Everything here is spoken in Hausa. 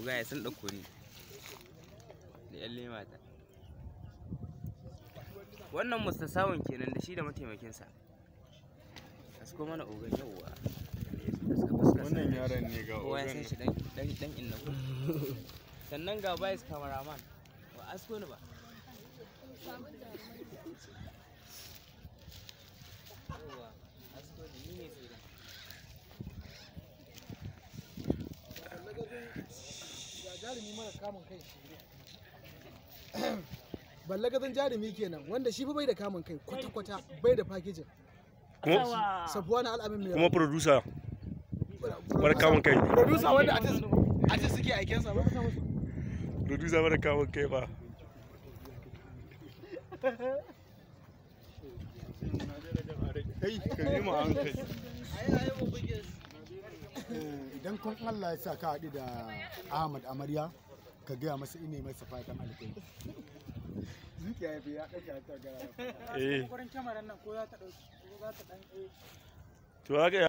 ku sun ɗauko ni da yan lemata wannan musta samun kenan da shi da mataimakinsa a su mana ogan yauwa wannan yaron ne ga ogan ya san shi dan inna ku sannan ga bayis cameraman ba asko ni ba jarumi mara kamun kai shi ballagazan jarumi kenan wanda shi fa bai da kamun kai kwata-kwata bai da fakijin kuma sabuwa na al'amin mai kuma producer mara kamun kai producer wanda artist suke aiken sa ba producer mara kamun kai ba kai ka nemi hankali idan kun Allah ya sa ka haɗu da Ahmad Amarya ka gaya masa ine masa fatan alkai zuki ya fi ya ɗauke ta gara eh Kwarin kyamarar nan ko za ta ɗauki ko za ta ɗan eh to haka